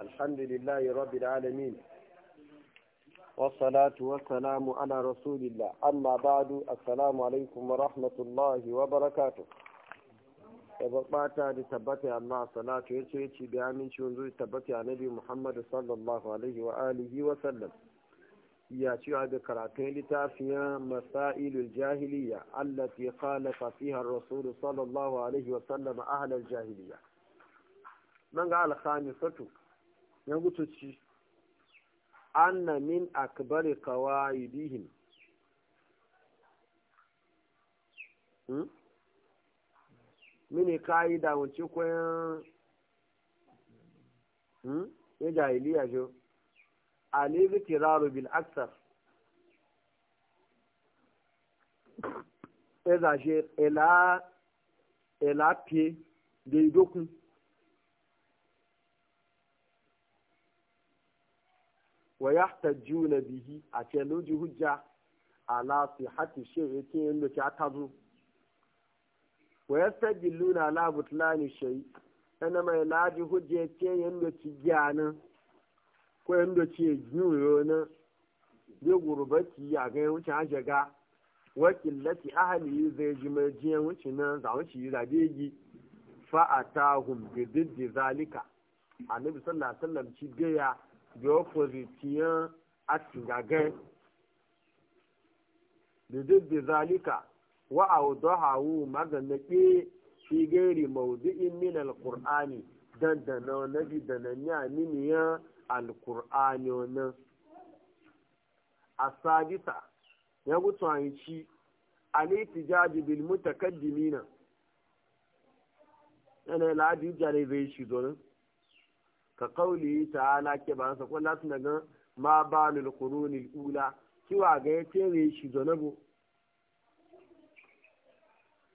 الحمد لله رب العالمين والصلاة والسلام على رسول الله أما بعد السلام عليكم ورحمة الله وبركاته tabbata da tabbata Allah salatu ya ce ci da amincin zuwa tabbata annabi Muhammad sallallahu alaihi wa alihi wa sallam ya ci da karatun littafiya masailul jahiliya allah khalafa fiha ar-rasul sallallahu alaihi wa sallam ahlal jahiliya Nan ga al-khamisatu ya gutu ci anna min akbari kawaidihim hmm? mini ka'ida wance kwayan hmm? ya jahiliya jo alizu tiraru bil aksar ya zashe ela ela pie da idokun wa juna bihi a ce luji hujja ala sihati shay'i tin yanda ta tabu wa yastajilluna ala butlani shay'i ana mai laji hujja ce yanda ci gyanan ko yanda ci juyo na ya gurbati a ga wuce a jaga wa qillati ahli zai ji mai jiyan wuce nan za wuce yi zabe gi fa atahum bi zalika annabi sallallahu alaihi wasallam ci gaya the opposite yan atigagen da duk da zalika wa magana ke shi gairi maudu'in min alqur'ani dan da na nabi da a ya mini ya alqur'ani wannan asadisa ya gutu yi ci alitijaji bil mutakaddimina yana ladi jare zai shi zonin ka kauli ala ke ba sa kullu na daga ma ba balul ni ula kiwa ga yace ne shi na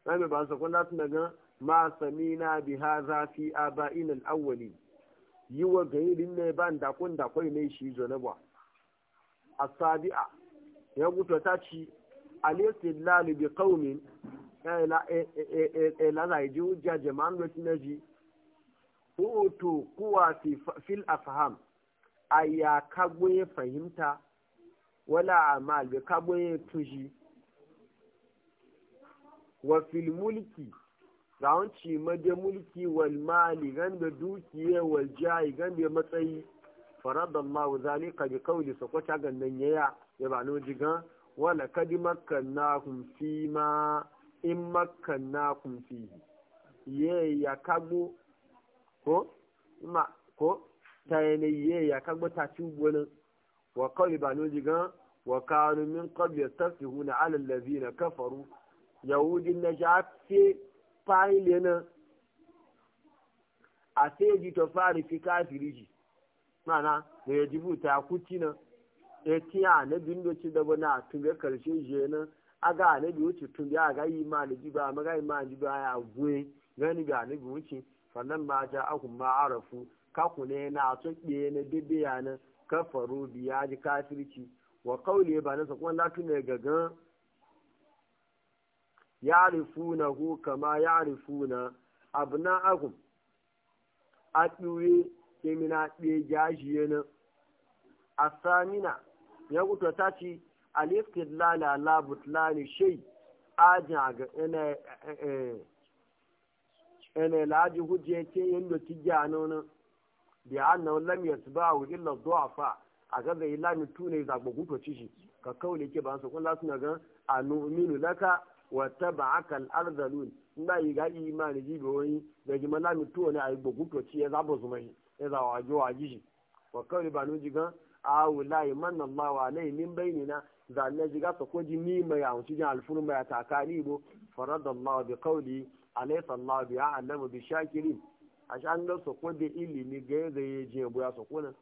sai ba sa kullu sun daga ma samina bi za fi ina al-awwali wa ga yi ne ban da kun da kai ne shi zanabo asabi'a ya guto ta ci al lalibi bi ya e, e, e, yi la jiwu jajjaman hujja utu kuwa fil afham aya kagboye fahimta wala amal be kagboye tuji wa fil mulki zaunci maje mulki wal mali gan da dukiye wal jai gan da matsayi Allah zalika bi qawli sakwata gannan yaya ya ba no jiga wala kadi maka fi ma in makkannahum fihi ye ya kagbo ko ma ko ta yanayi ya kan matashi wani wa kawai ba no jigan wa kanu min qabl yastafihu na ala allazina kafaru yahudin na ja fi fa'ile na a sai ji to fari fi kafiri ji mana da ya jibuta a na ya tiya na bindoci da bana a na ya karshe je na aga anabi wuce tun ya ga yi ma na jiba maga yi ma na jiba ya gwe gani ga anabi wuce falan ma ja akun ma arafu kaku ne na tuɓe na bibiya na kafaru biya ji kafirci wa kaule ba na kuma latu ne gagan ya na hu kama ya na abu na akun a ɗuwe kemina ɗuwe jajiye na a samina ya kuta ta ce alif kidlala la butlani shai ajin a ga ene laji hujje ce yanda tijja nono bi annahu lam yatba'u illa du'afa aga zai lami tune za ku kuto ci shi ka kaule ke ba su kun la suna gan anu'minu laka wa tab'aka al inda yi ga imani da ji ba kuto ci ya zaba zuma shi ya za wa ji wa shi wa kaule ba nu ji gan awu layi manna Allah wa min bainina ji ga ko ji ni mai a wuci jin alfurma ya takani bo faradallahu bi alaysa allah bi a'lamu bi shakirin ashan da so da ilimi ga zai ya je buya so ko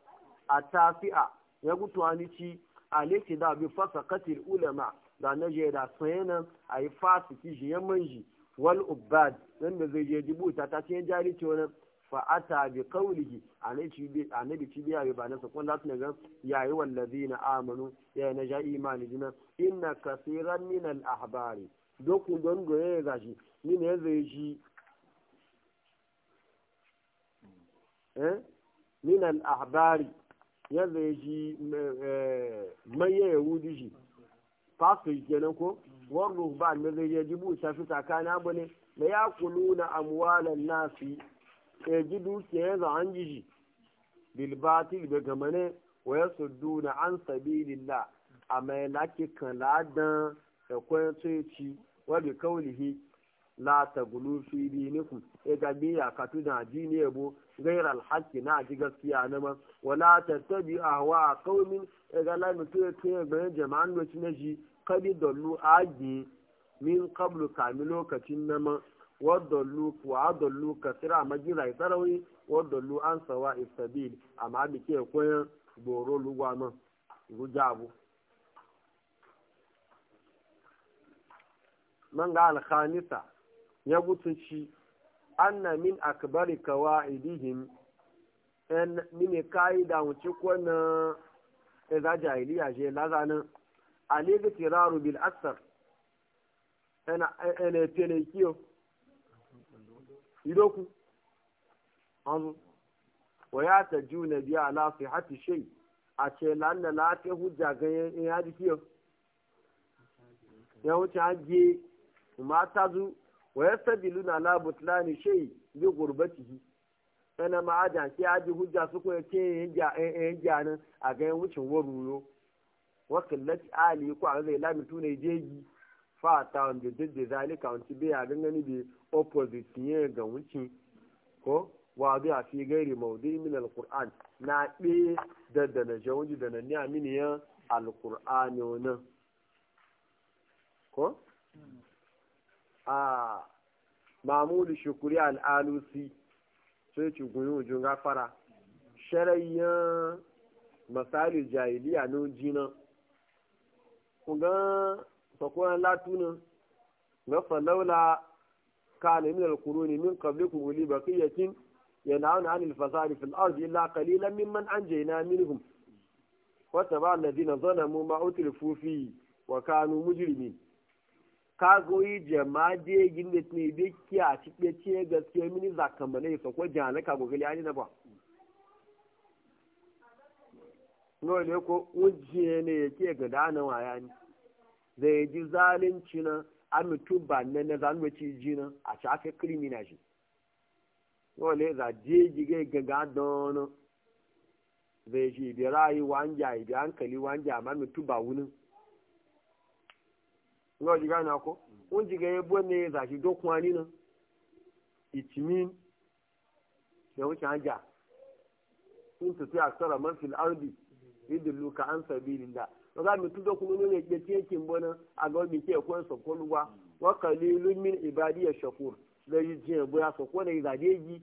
atafi'a ya gutu ani ci alaysa da bi fasaqatil ulama da na je da sayana ayi fasiki je manji wal ubad da zai je jibuta ta ce jari ce wannan fa'ata bi na bi ci biya ba na nasa kun lati ga yayi wallazi na amanu ya na ja imani jina inna kasiran min al ahbari dokun don goye ya gashi ni ne zai shi min al'ahbari ya zai shi manya di shi pastor kenan ko wan ruhban ne zai ji buta fi tsakanin abu ne da ya kulu na amwalan nasi ya ji dukiyar za an ji shi bilbatil da gamane wa ya suddu na an sabi lilla a mai lakikan ladan da kwayar tsoci wa bi kaulihi la tagulu fi dinikum e ga biya ka tuna addini yabo غير الحق na ji gaskiya na ma wala tattabi ahwa qaumin e ga la mutu e tuye ga jama'an na ji kadi dallu ji min qablu kami lokacin na ma wadallu wa adallu kasira tarawi wa wadallu an sawa istabil amma bi ke koyan boro lugwa ma gujabu man ga alhamisa ya gutunci anna min akbari kawaidihim en mine kaida wuce kwana za jahiliya je lazanin aliga tiraru bil asar ena ena tele kiyo idoku azu wa ya tajuna bi ala sihati shay a ce lanna la ta hujja ga yan hadi kiyo ya wuce haje ma ta zu wa yastabilu na la butlani shay bi gurbatihi ana ma aja ki aji hujja su ko ce ja eh, eh ja a ga wucin waruyo wa qillat ali ko a zai lami ne jeji fa ta da didde zalika wanci bi a gangani bi opposite ne ga wucin ko wa bi a fi gairi maudi min alquran na be da da na jawji da na ni amini ya alqur'ani wannan ko a mamudu shukuri al'alusi sai ci guni ujun gafara shirayen masali jahiliya no jina ga sakuwan latunan na falaula kana min alquruni min qablikum uli baqiyatin yanhauna anil fasadi fil ardi illa qalilan mimman anjayna minhum wa tabaa alladhina zalamu ma utlifu fi wa kanu mujrimin kagoyi jama'a da ya gina ne bai kiya a cikin ce gaskiya e mini zakamane sa ko jana ka gogali ani na ba no ne ko e e na ne yake ga dana ya ni zai ji zalunci na amitu ba na na zalunci ji na a shafe criminal shi no le za je gige ga ga don zai ji bi rayuwa an ibi ankali hankali wanja amma ba wunin nga ojiga na ko unjiga ebo ne za shi dokun ani na it mean ya wuce a in tuti aksara man fil ardi yidullu ka an sabilillah ga mi tudo kunu ne ke tiye kin bona a ga mi ke ko so ko luwa wa qalilun min ibadiy shakur da yi je bo ya so ko ne za deji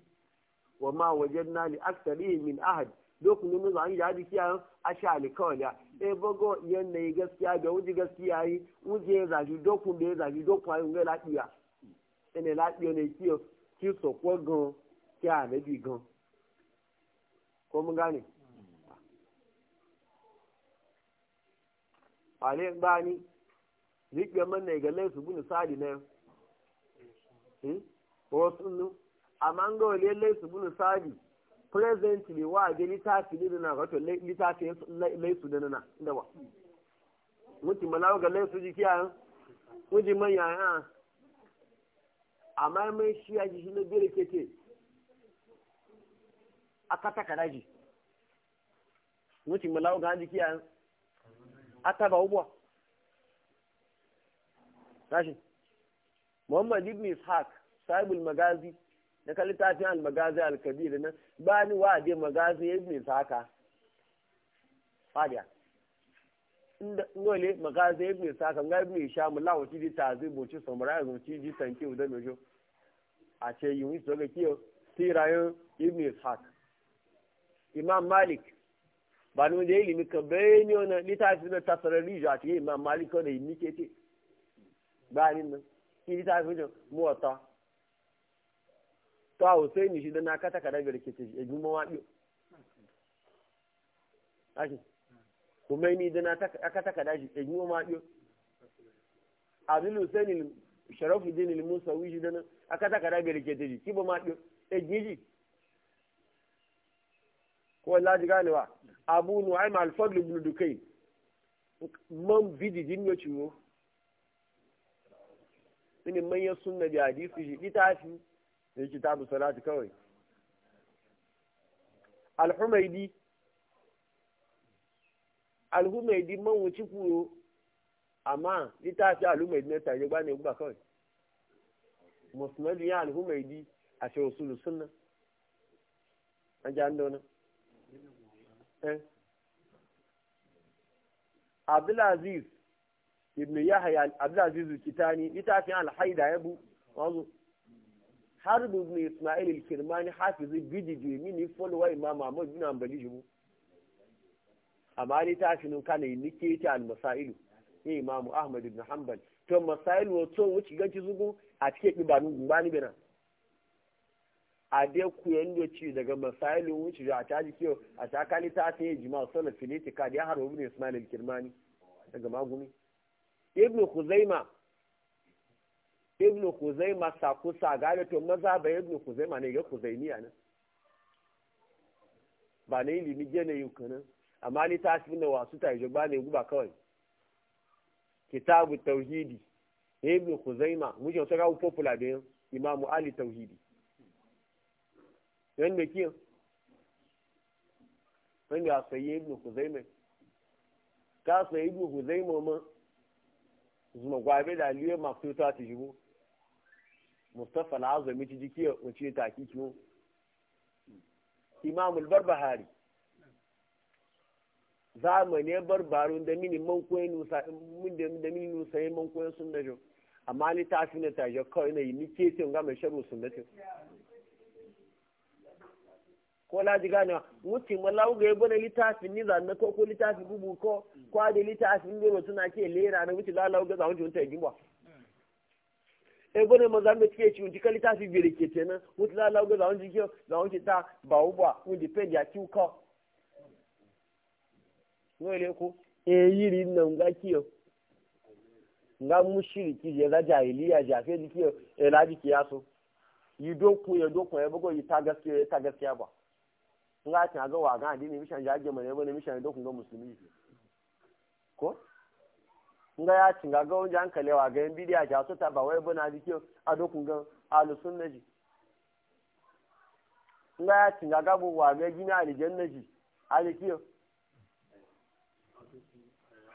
wa ma wajadna li aktsari min ahad lokacin mun zan ya dikiya a sha alikawaliya e eh, bogo yanda yi gaskiya da wuji gaskiya yi wuji ya zaji dokun da ya zaji dokun ayi ngai lafiya ene lafiya ne kiyo ki so ko gan ki a ne bi gan ko mun gane ale gbani rike man ne ga laifu bunu sadi ne eh hmm? wasu nu amma ngole laifu bunu sadi presently wa ga litafi ne da na wato litafi laisu da nana inda ba mutum malawa ga laisu jiki a wujin eh? manya ya eh? amma mai shi ya ji shi na bere kete a kata karaji mutum malawa ga jiki eh? a ataba ubuwa tashi muhammad ibn ishaq sahibul magazi na ka littafin almagazi alkabir nan ba ni wa dai magazi ya mai saka fadiya ngole magazi ya mai saka nga mai sha mu lawo ti di tazi bo ci samara zo ji di tanki da nojo a ce yi wani daga kiyo tirayen ibn ishaq imam malik ba ni wanda ya ilimi ka bayani wani littafin na tasirin rijo a cikin imam malik wanda yi mike ce ba ni nan ki littafin muwata to Hussein shi da na kata kada ga rikice shi ejin mawaɗi ake kuma ni da na kata kada shi ma mawaɗi Abdul Hussein Sharafuddin limun sauyi shi da na akata kada ga rikice shi kiba mawaɗi ejin shi ko laji ganewa Abu nuwai ma alfadu ibn dukai man bidi din yo ciwo ne manyan sunna bi hadisi shi litafi sai kitabu salati kawai al-humaidi al kuro amma litafi fi humaidi na tare gba ne gba kawai musnad ya al a shi usul sunna an ji an dona eh abdulaziz ibn yahya abdulaziz kitani fi alhaida ya bu wazo har da ibn ismail kirmani hafizu bidi jimi ni folowa imam ahmad bin hanbali jimu a mari ta fi nuka na yi nike ta al-masailu ni imam ahmad ibn hanbal to masailu wato wuce ganci zugu a cike ibanu ni bina a dai ku yando ci daga masailu da a ta ji kiyo a sakali ta ta yi jima'a sallar filitika da ya har ibn ismail kirmani daga magumi ibn huzaima ibn kuzaima sako saga da to maza ba ibn kuzaima ne ga kuzaimiya nan ba ne ilimi gene yukanan amma ni ta fi na wasu ta ba ne guba kawai kitabu tauhidi ibn kuzaima muje wasu rawu popular da imamu ali tauhidi yan me kiyan wanda ya sayi ibn kuzaima ka sayi ibn kuzaima ma zuma gwabe da aliyu masu ta ta shigo mustapha al'azami ci jiki wace ta kikiyo imamul barbahari zamani barbarun da mini man koyi nusa da mini nusa yi sun da jo amma ni ta na ta jo kawai na ni ke tin ga mai sharu sun da tin ko la ji gane wuce mallahu ga yabo na litafin ni zanna ko ko litafin bubu ko ko da litafin ne mutuna ke lera na wuce lalahu ga zawun junta gimba ebone eh, maza mbe tike ci ndi kalita fi bere kete na mutla la go la onji kyo la onji ta ba ubwa un pe ya ki uko no le ko e yiri na nga kiyo nga mushiriki je za jahiliya ja fe di kiyo e la ya so? yi doku e, e, ya doku ya bugo yi ta gaskiya ta gaskiya ba nga ta ga wa ga di ne mishan jage mane bane mishan doku ga musulmi ko nga ya cinga ga gawon hankali wa ga yan bidiya ja su ta ba wai buna jiki a dokun gan alusun naji nga ya cinga ga bu wa ga gina alijan naji a jiki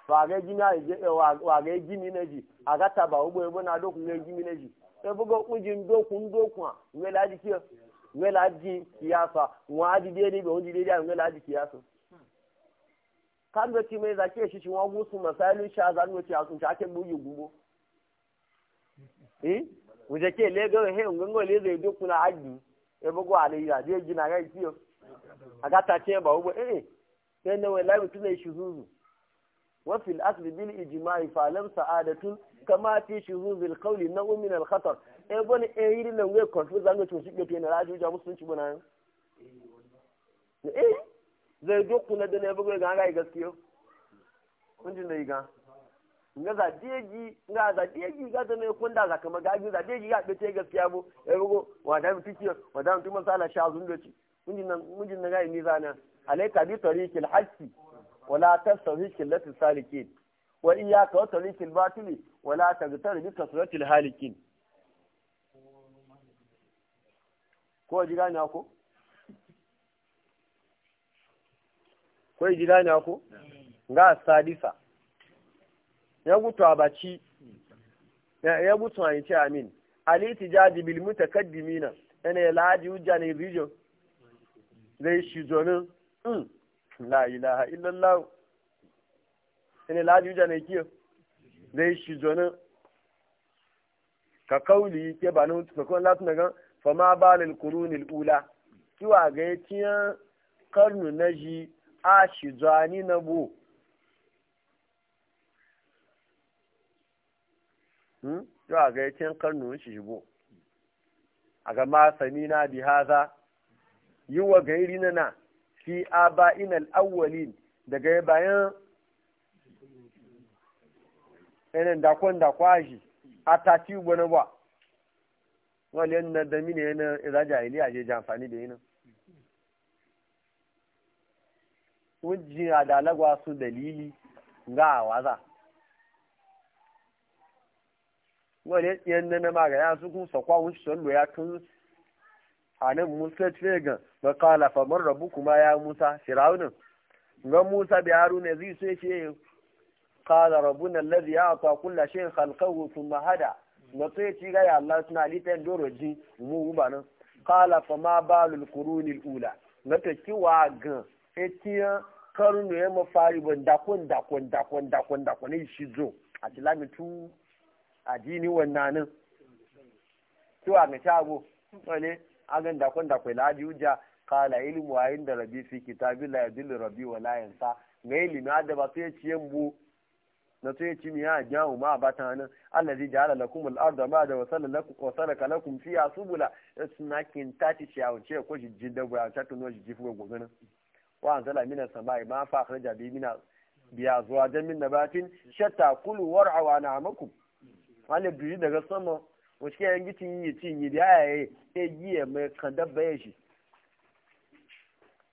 wa ga gina wa ga gini naji a ga ta ba wai buna na dokun ga gini naji e bugo kujin dokun dokun a la jiki ngwe la ji kiyasa wa ji dede be won ji ya ngwe la ya kiyasa kan da ci mai zaki shi shin wagu su masalin sha za mu a asun ta ake buyi gubo eh wuje ke le ga he ngongo le zai duk kuna haji e bugu alayya zai gina ga kiyo aga ta ce ba ubo eh, eh sai ne wai labi tunai shi zuzu wa fil asli bil ijma'i fa lam sa'adatun kama fi shuzuz al qawli naw'un min al khatar e bon e yiri na wai confuse zan wuce shi ke tena rajuja ja musunci bana eh, eh. zai doku na dana bugu ga ga gaskiyo kun ji dai ga nga za deji nga za deji ga da ne kun da za kama ga ji za deji ga bete gaskiya bu ya eh, bugu wa da mu tiki wa da mu sala sha zun ci kun ji nan mun ji nan ga ni zana alayka bi tariqil haqqi wala tasawi lati salikin wa iyyaka wa tariqil batili wala tagtar bi kasratil halikin ko ji ne ko kwai ji gane ko ga sadisa ya mutu a baci ya mutu a yi ce amin aliti jaji bilmu ta kaddimi na yana ya laji hujja ne rijo zai shi zonin in hmm, la ilaha illallah yana laji hujja ne kiyo zai shi zonin ka kauli ke ba na hutu kakon latin daga fama balil kurunil ula kiwa ga ya ciyan karnu na ji a shi zani na bu hmm? yau a ga yakin karnu shi shigo a ga masani na bi haza yi wa gairi na na fi aba inal awwalin daga bayan yanin dakon da kwashi a tafi gwani ba wale na damini yana irajahili a je jamfani da yinin wujin adalagwa su dalili ga waza wale yan nana magana su kun sakwa wuce sallo ya tun anan musa tvegan ba kala famar rabu kuma ya musa firaunin ga musa da haru ne zai so ce kala rabu na lazi ya akwa kula shi halkawu sun mahada na so ya ci gaya allah suna litan doroji mu ba nan kala fama balul kurunil ula na ta kiwa gan etiya karnu ya e mafari ban dakon dakon dakon dakon dakon ne shi zo a tilamitu addini wannan nan to a gaci abu wani da dakon dakon ladi hujja kala ilmu a inda rabi fi kitabi la yadillu rabi wa la yansa na ilimi adaba sai ci yambu na sai ci miya jawu ma bata nan allazi ja'ala lakum al da ma da wasala lakum wa saraka lakum fiha subula e sunakin tati ciyawo ce ko jijjin dabba ta tuno jijjin fuga gobe nan wa anzala minas sama'i ma fa akhraja bi minas biya zuwa jan min nabatin shatta kulu war'a na na'amakum wale biyu daga sama wacce yan yanki yi cin yi da ya yi ya mai kan dabba ya shi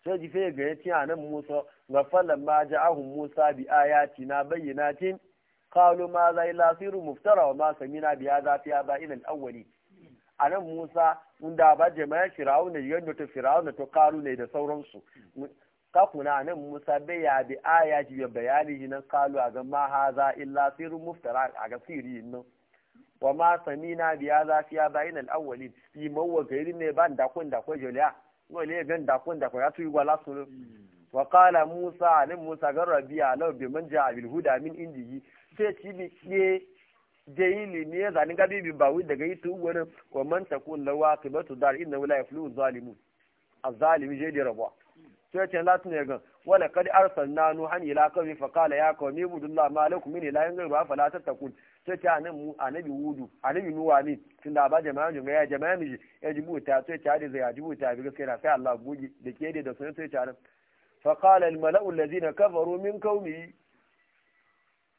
sai ji fe ga yati anan musa ga fallan ma ja'ahu musa bi ayati na bayyinatin qalu ma za ila siru muftara wa ma samina bi hadha fi aba ila al-awwali anan musa mun da ba jama'a firawuna yanda to firawuna to karu ne da sauransu kafuna nan musa bai ya bi aya ji bayani ji nan kalu a ga ma za illa sirrin muftara a ga sirri nan wa ma na biya za fiya ya bayan al'awali fi mawa gari ne ban da kun da kun joliya ne gan da kun da kun ya tuyi gwala su hmm. wa kala musa alim musa gar rabiya lau bi man ja bil huda min indihi sai ci bi ke jayili ne zanin gabi bi bawi daga tu wani wa man takun lawaqibatu dar ya fi lu zalimu a zalimi jaydi rabwa sai ce latin ya gan wala kad arsalna nuhan ila qawmi fa qala ya qawmi budullah ma lakum min ilahin ghayru fa la tattaqun sai ce anan mu anabi wudu anabi nuwa ne tun da ba jama'a jama'a ya jama'a ne ya ta sai ce hadi zai jibu ta bi gaskiya sai Allah bugi da ke da sunan sai ce fa qala al mala'u allazina kafaru min qawmi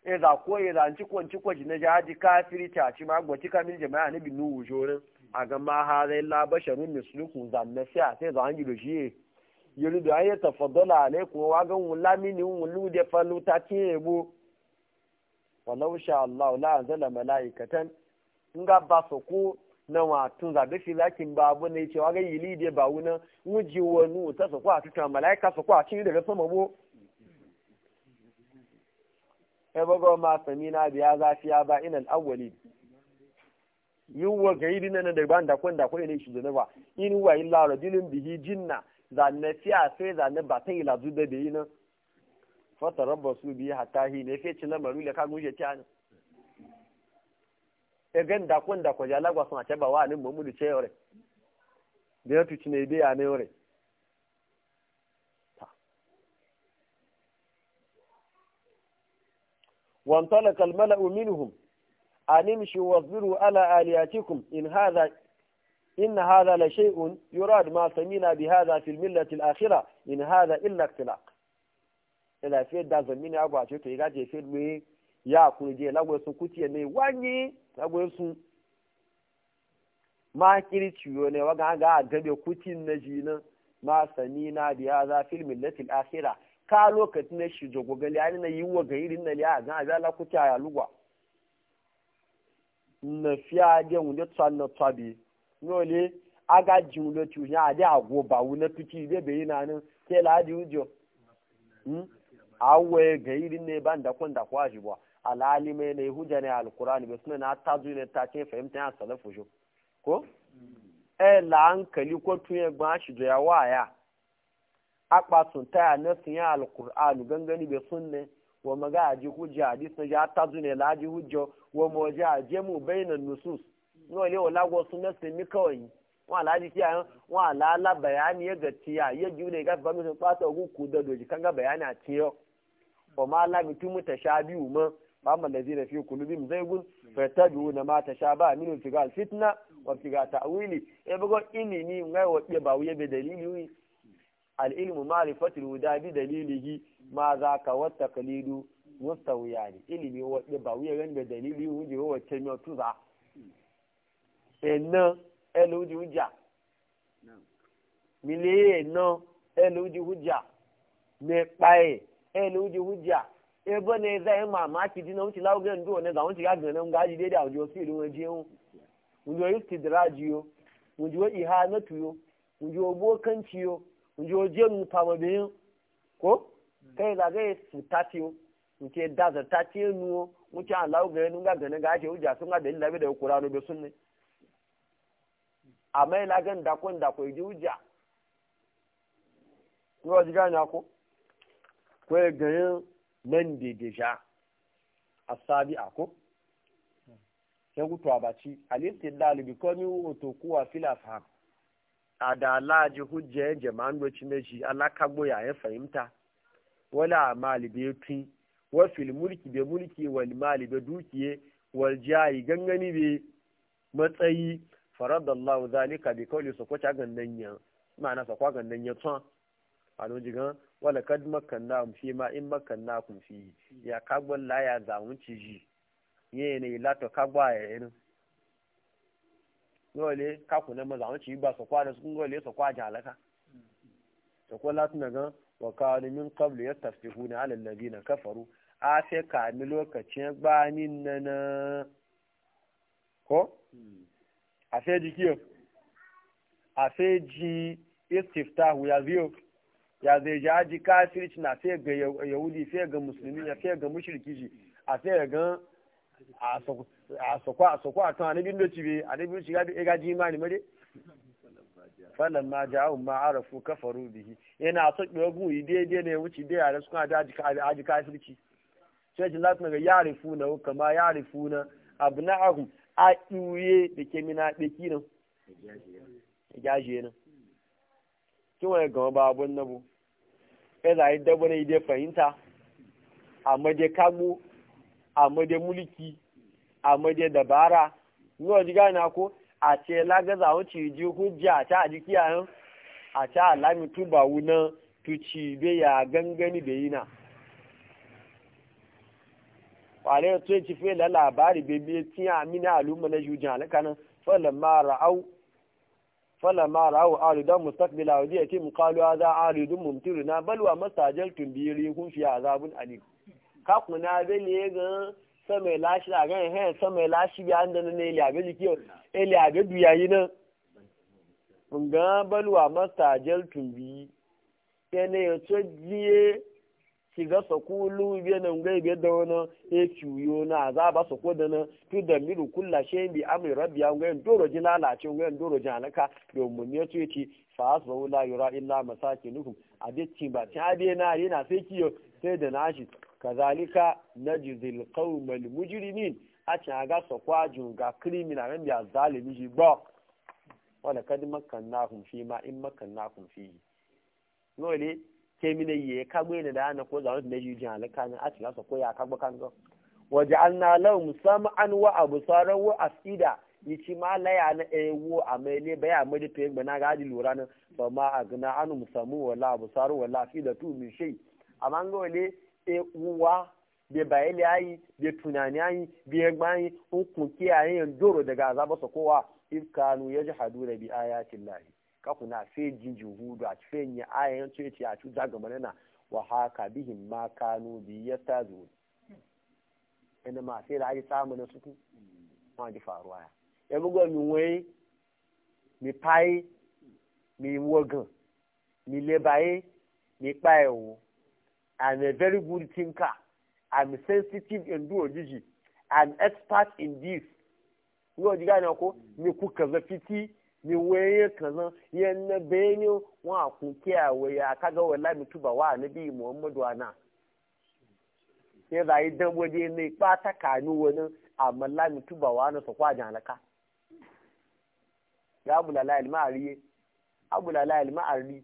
eza ko eza an cikon cikon na jihadi kafiri ta ci ma gwaci kamin jama'a anabi nuwu jorin a ga ma ha zai la basharun mislukun zanna sai sai zan yi da shi e. yuridu an yatafaddala alaykum ga wula mini wulu da falu ta tebo walau malaikatan in ga ba su ko na watun zabe shi ba abu ne cewa ga yili ba wuna wuji wani ta su ko a tuta malaika su ko a cikin daga sama bo e bago ma biya zafiya ba inal awwali yiwuwa ga yi dinan da ban da ba zanne fiya sai zanne ba ta yi lazu da bai yi fata rabba su biyu hatta hi ne fiye cin lamaru da kagun shi tiya nan egan da kun da kwaje alagwa sun ace ba wa ne mu mudu ce yore da ya tuci ne biya ne yore وانطلق الملأ منهم أن امشوا واصبروا على آلهتكم in هذا إن هذا لشيء يراد ما سمينا بهذا في الملة الآخرة إن هذا إلا اختلاق إلا فيد دا زميني أبو عشيك يغاجي في الوي يا كل جي لو يسو كتير ني واني لو يسو ما كيري تيوني ني وغا غا غبي كتير نجينا ما سمينا بهذا في الملة الآخرة ka lokacin na shi jogo gali ani na yiwo ga irin na liya ga za la kuta ya lugwa na fiya de wunde tsan na tsabi nole aga jiwulo cuya ade agoba wuna tuci ibe bai hmm? na nan ke ladi ujo awe ga irin ne ban da kun da kwashi ba alali mai ne hujja ne alkurani bai na ta zuwa ta ce fahimta ya salafu jo ko e la hankali ko tuye gba shi ya waya akpa sun taya na sun ya alkur'anu gangani bai sunne wa maga aji hujja hadis na ya ta zuwa ne laji hujja wa mawaje aje mu bainan nusus wani yau lagos sun na sami kawai wọn alhaji kiyayen wọn alala bayani ya gaciya a ji ne ga fami sun kwata ogun ku bayani a ciyo ba ma lami tun mu tasha biyu ma ba ma lazi da fi kulubim zai gun fata biyu na ma tasha ba minu figa alfitna wa figa ta'wili e bugo ilimi ngai wa ke ba wuye be dalili wi al ilmu ma'rifatul huda bi dalilihi ma za ka wa taqlidu mustawiyani ilimi wa ke ba wuye ran be dalili wuji wa ce mi tuza ena ẹlòdì hújà mílíọ̀nù ẹ̀nà ẹlòdì hújà mẹ́pa ẹ̀ ẹlòdì ebe na ẹza ẹ̀ máa ndu one dínà ó ti láwùjọ ní ìwọ̀n náà àwọn ti ilu náà ewu. gájú dédé àwùjọ sí yo. wọn o iha yóò yo. dìrà jù yó ǹjọ ìhà anátù o ǹjọ owó kànchì yó ǹjọ jẹun pàmòbìnrin kó kẹ́yìn làgẹ́ sùn tàtí nke daza dàzẹ̀ tàtí amma yana gan dakon da kwai ji hujja ko wajen gane ko ko ya ganin nan daidaita a asabi a ko sai ku a abaci alistin dalibi komi to kuwa filafam a da alaji hujja ya jama'an doci na shi alakagbo ya fahimta wala tu wa fil mulki be mulki wal mali be dukiye wal jayi gangani be matsayi faradallahu zalika bi kawli su kwace gandan ya ma'ana sa kwa gandan ya tsan a don jigan wala kad makanna um fi ma in makanna kun fi ya kagbon la ya za mun ci ji ye ne la to kagba ya yin dole ka ku na maza mun ci ba so kwa da sun gole so kwa jalaka to ko la tun daga wa kanu min qablu yastafihuna ala alladhina kafaru a sai ka ni lokacin gbanin nana ko hmm. àfẹ́jì kí o àfẹ́jì istiftahu yàzí na yàzí ìjà ájì káfíríkì náà àfẹ́gẹ̀ yahudi àfẹ́gẹ̀ mùsùlùmí àfẹ́gẹ̀ a àfẹ́gẹ̀ àsọ̀kọ́ àtàn àníbí lóti bi àníbí lóti gábí ẹgá jí máa nìmọ́dé falan ma ja'u ma arafu kafaru bihi yana e a pe ogun yi daidai ne wuce dai yare suka aji kafirci sai jin ga yarifuna kama a ɗuye da ke mina ɗaki nan gyaje nan kin wani gama ba abun nabu ya zai dabo na ide fahimta a maje kago a maje mulki a maje dabara nuwa ji na ko a ce lagaza wuce ji hujja ta a jiki a yan a ta alami tuba wunan tuci bai ya gangani da yi na kware to ci fe la labari be be ti amina alumma na jujan alkanan fala ma ra'au fala ma ra'au aridan mustaqbila mu qalu hadha aridun mumtiruna bal wa mastajaltum bi rikum fi azabun alim ka kuna be ne ga sama lashi ga he hen sama lashi bi an da ne ya ga ile abe jiki ile abe duyayi nan mun ga bal wa mastajaltum bi sai ne ya to jiye shiga sakulu biya na ngai biya da wani e ya ciyo na azaba su ko da na ki da miru kulla shi bi amri rabbi an gai doro ji lalace gai doro ka alaka domin ya ce ci fa asbahu la yura illa masakinukum abici ba ta be na yana sai kiyo sai da shi kazalika najzil qaumal mujrimin a ci ga sakwajin ga krimina ran biya zalimi shi ba wala kad kun fi ma in kun fi nole kemina ya kagwe ne da ana ko za wani daji jin halaka a cikin sa koya ya kan zo waje an na lau musamman wa abu sauran wa asida yi ci ma laya na ewu a mai ne bai a mai da yin bana gaji lura na ba ma a gina an musamman wala abu sauran wala da tu min shi amma ga wale ewuwa bai bayani ayi bai tunani ayi bai yagbani hukun kiyayen doro daga azaba kowa if kanu ya ji hadu da bi ayatin lahi kaku na fe jiji hudu a fe nye ayan cece a cuta ga manana wa haka bihin ma Kano biyar ta zuwa ina hmm. ma sai da ake samu na suku hmm. ma ji faruwa e ya ya bugo mi wai mi pai mi wagan, mi lebaye mi pa ewo i'm a very good thinker i'm sensitive in do ojiji i'm expert in this ngo diga na ko mi kuka fiti. mi weye kaza yan na benyo wa ku kiya waya kaga wallahi mutuba wa nabi muhammadu ana sai da idan na ne ta kanu wani amma la mutuba wa na sokwa janaka ya abula la ilma ariye abula la ilma ari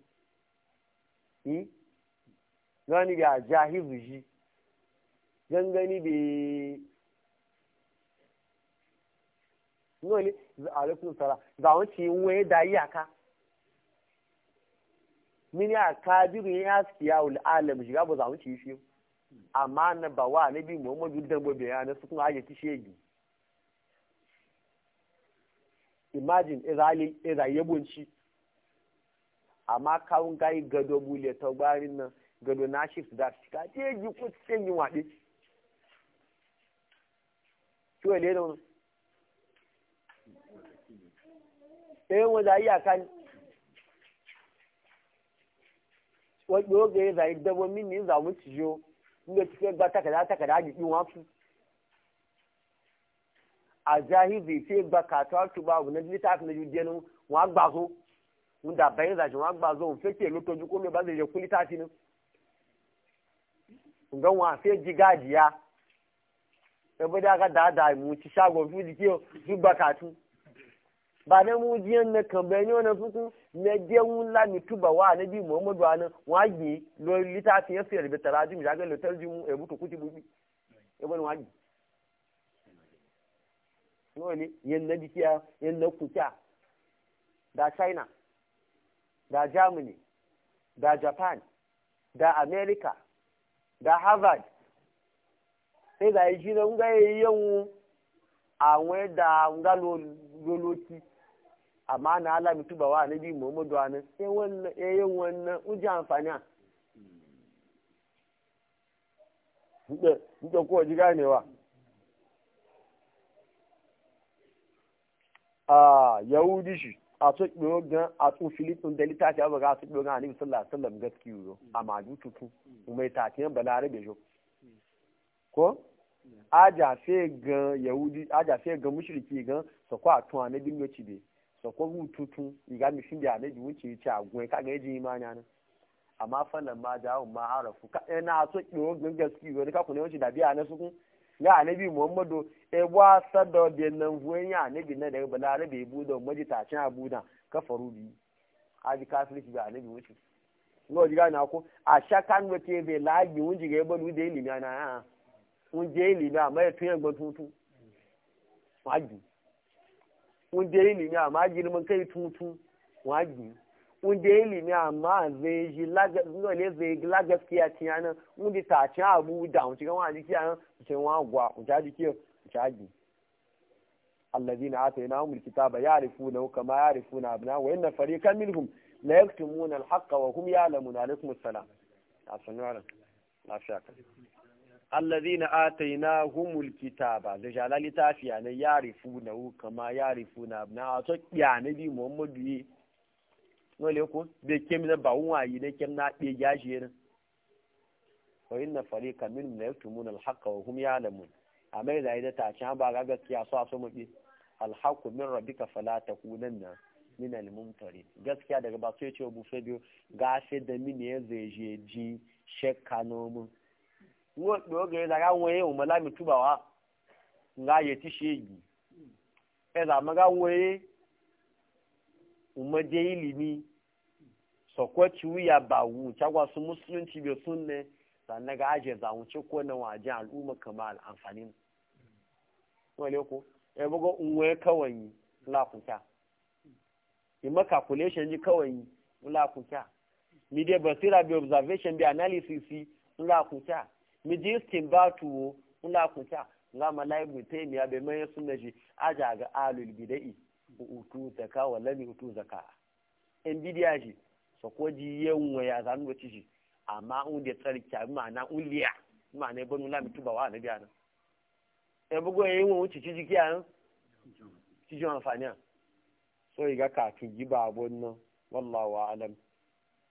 yi gani ga jahizu shi gangani bai ngoli alaikum salam da yi waye da yi iyaka min ya kabiru ya askiya ul alam shiga ba za mu ci shi amma na ba wa ne bi nabi muhammadu dan bobe ya na su kuma aje ti shegi imagine izali izaye bunci amma kawun gai gado bule ta gbarin nan gado na shi su da shi ka ce ji ko cikin yin waɗe. Kiwa ne da wani. da yin yi a kan wani oge ya zai dabo min ne zamu ci yo inda ci ba ta takada takada ji ɗin wasu a zahizi ce ba katuwa tu ba abu na littafi na jujjenu wa gbazo wanda bayan zashi wa gbazo un fake lokaci ko mai ba zai je kuli tafi ne ngan wa sai jigajiya ya bude aka da da mu ci shagon fi jike su ba katu ba na mu jiyan na kambe ne wannan suku na la ni tuba wa na bi muhammadu anan waje lo litafi ya fi rabi tarajim ya ga lo tarjimu e butu kuti bubi e wa no ne yan na dikiya yan na kuta da china da germany da japan da america da harvard sai da yi shi na nga yi yawu da ẹ̀dà amma na ala mutu ba wa nabi muhammadu wani yayin wannan eh, uji amfani a nke kowa ji ganewa a yahudi shi a gan a filipin da ga tun gan a nabi sallallahu alaihi wasallam a maju tutu mai tafiyan ko aja fe gan yahudi aja fe gan mushriki gan tun a nabi sakwaru ututu iga mishin da alaji wuce ce ka ga kaga yaji imani ama amma na ma da ma harafu ka eh, na so kiwo gangan su wani kaku ne wuce da biya na sukun ga anabi muhammadu e bwa sadda da nan vuwan ya anabi na daga balarabe ibu da maji tacin abuda kafaru bi abi kafirci ga anabi wuce no diga na ko a shakan wete be lagi ga yabalu da ilimi na a wunje ilimi amma ya tuyan gbantutu wanda ya ilimi amma girman kai tutu wagi wanda ya ilimi amma zai ji lagasiya zai ji lagaskiya ci yana wanda ta ci abu da wuce kan wani jiki yana wuce wani gwa wuce a jiki wuce a gi allazi na ata yana mulki ta ba ya rufu na kama ya rufu abu na wa yana fari kan milhum na yaktumuna alhaqa wa hum ya'lamuna alaikum assalam a sanuwar lafiya kan allazina atainahumul kitaba da jala litafi ne yarifuna kama yarifuna na to ya bi muhammadu yi le ko be kem na ba wa yi ne kem na be gashi ne wa inna fariqan min la yaktumuna al-haqqa wa hum ya'lamun amma da ida ta ci ba ga gaskiya so so mu bi alhaqu min rabbika fala takunanna min al gaskiya daga ba ya ce bu sai biyo ga sai da mini ya zai je ji shekano nomun wọ́n gẹ̀rẹ́ lára wọn yẹn òun mọ́lá mi túbà wá ńlá yẹ ti ṣe èyí ẹ làmọ́ra wọn yẹn òun mọ́dé ìlì mi sọ̀kọ́ tí wíyà bà wù chágbá sun mùsùlùmí bẹ̀ sún nẹ sannan ga ajiye zawun ci ko nan waje al'umma kamar amfanin wale ko ya bugo unwe kawai yi e ma calculation ji kawai lafuta mi dai basira bi observation bi analysis mijistin ba tuwo muna kuta nga malai mu te miya be mai sunna ji aja ga alul bidai utu zaka wala mi utu zaka en bidiya ji so ko ji yenwa ya zan wuci ji amma un de tsarki ma'ana uliya ma'ana ban nuna mutu ba wa na biya nan e bugo e wo wuci ji jiki an ci ji amfani so iga ka tu giba abun nan wallahu a'lam